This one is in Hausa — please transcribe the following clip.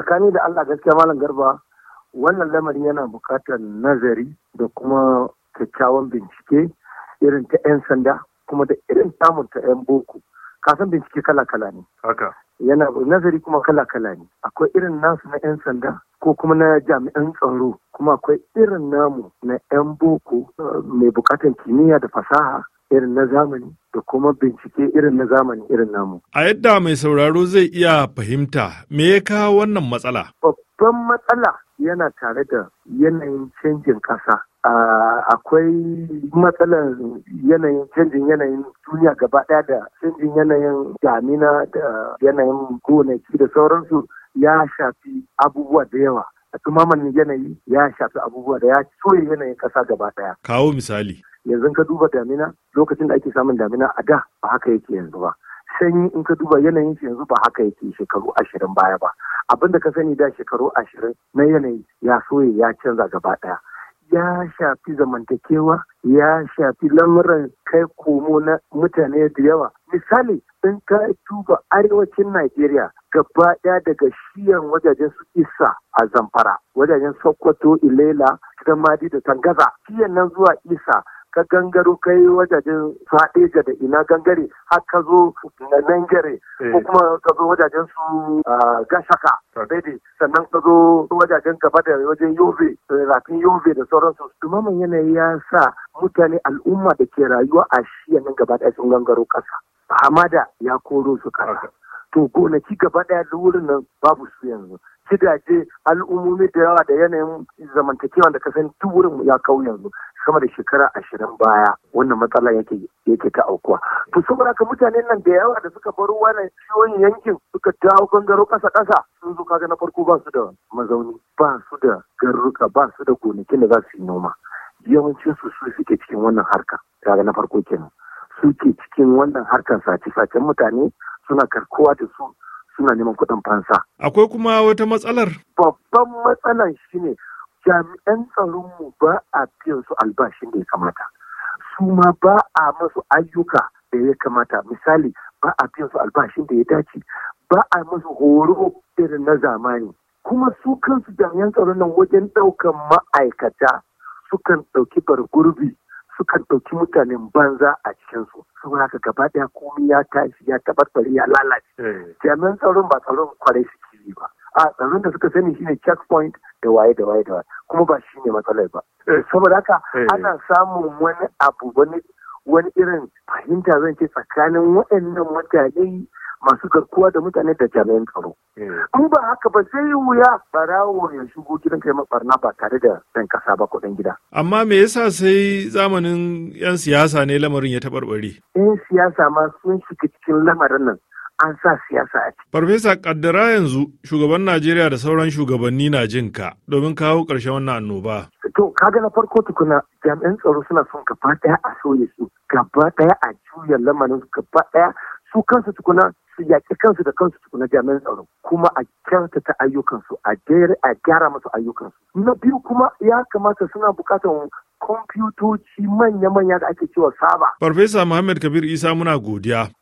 tsakani da Allah gaskiya malam garba wannan lamarin yana buƙatar nazari da kuma kyakkyawan bincike irin ta 'yan sanda kuma da irin samun ta 'yan boko kasan bincike kala-kala ne yana nazari kuma kala-kala ne akwai irin nasu na 'yan sanda ko kuma na jami'an tsaro kuma akwai irin namu na 'yan boko eh, mai bukatan kimiyya da fasaha irin na zamani da kuma bincike irin na zamani irin namu. A yadda mai sauraro zai iya fahimta me ya kawo wannan matsala? Babban matsala yana tare da yanayin canjin ƙasa. akwai matsalar yanayin canjin yanayin duniya gaba ɗaya da canjin yanayin damina da yanayin gonaki da sauransu ya shafi abubuwa da yawa. Tumamanin yanayi ya shafi abubuwa da ya soya yanayin ƙasa gaba ɗaya. Kawo misali. yanzu ka duba damina lokacin da ake samun damina a da ba haka yake yanzu ba sanyi in ka duba yanayin shi yanzu ba haka yake shekaru ashirin baya ba abinda ka sani da shekaru ashirin na yanayi ya soye ya canza gaba ɗaya ya shafi zamantakewa ya shafi lamuran kai komo na mutane da yawa misali in ka duba arewacin najeriya gaba ɗaya daga shiyan wajajen su isa a zamfara wajajen sokoto ilela da madi da tangaza shiyan nan zuwa isa ka gangaro kai wajajen fadeja da ina gangare har ka zo na nangare ko eh. kuma ka zo wajajen su gashaka daidai sannan ka zo wajajen gaba da wajen yobe rafin yobe da sauransu dumamin yanayi ya sa mutane al'umma da ke rayuwa a shiya nan gaba da sun gangaro ƙasa hamada ya koro su ƙasa to gonaki gaba ɗaya da wurin nan babu su yanzu gidaje al'ummomi da yawa da yanayin zamantakewa da kasan duk wurin ya kawo yanzu sama da shekara ashirin baya wannan matsala yake yake ta aukuwa to saboda ka mutanen nan da yawa da suka baro wannan ciwon yankin suka dawo gangaro ƙasa ƙasa sun zo kaga na farko ba su da mazauni ba su da garuruka ba su da gonaki da za su yi noma yawancin su su suke cikin wannan harka kaga na farko kenan suke cikin wannan harkar sace-sacen mutane suna karkuwa da su suna neman kuɗin fansa. Akwai kuma wata matsalar? Babban matsalar shi ne jami'an tsaronmu ba a biyan su albashin da ya kamata. Su ma ba a masu ayyuka da ya kamata. Misali ba a biyan su albashin da ya dace. Ba a masu horo irin na zamani. Kuma su kansu jami'an tsaron nan wajen ɗaukan ma'aikata sukan ɗauki bargurbi sukan ɗauki mutanen banza a cikin su saboda haka gaba ɗaya komai ya tashi ya tabarbare ya lalace eh. jami'an tsaron ba tsaron kwarai suke yi ba a tsaron da suka sani shine checkpoint da waye da waye da waye kuma ba shine matsalar ba eh. saboda haka eh. ana samun wani abu wani wani irin fahimta zan ce tsakanin waɗannan mutane masu garkuwa da mutane da jami'an tsaro. Eh. In ba haka ba sai yi wuya barawo ya shigo gidan kai barna ba tare da ɗan kasa ba kuɗin gida. Amma me yasa sai zamanin 'yan siyasa ne lamarin ya taɓarɓare? 'Yan siyasa ma sun shiga cikin lamarin nan. an sa siyasa a ciki. Farfesa kaddara yanzu shugaban Najeriya da sauran shugabanni na jin ka domin kawo ƙarshen wannan annoba. To kaga na farko tukuna jami'an tsaro suna son gaba ɗaya a soye su gaba ɗaya a juya lamarin su gaba ɗaya su kansu tukuna su yaƙi kansu da kansu tukuna jami'an tsaro kuma a kyautata ayyukansu a gyara masu ayyukansu na biyu kuma ya kamata suna buƙatar kwamfutoci manya-manya da ake cewa saba. Farfesa Muhammad Kabir Isa muna godiya.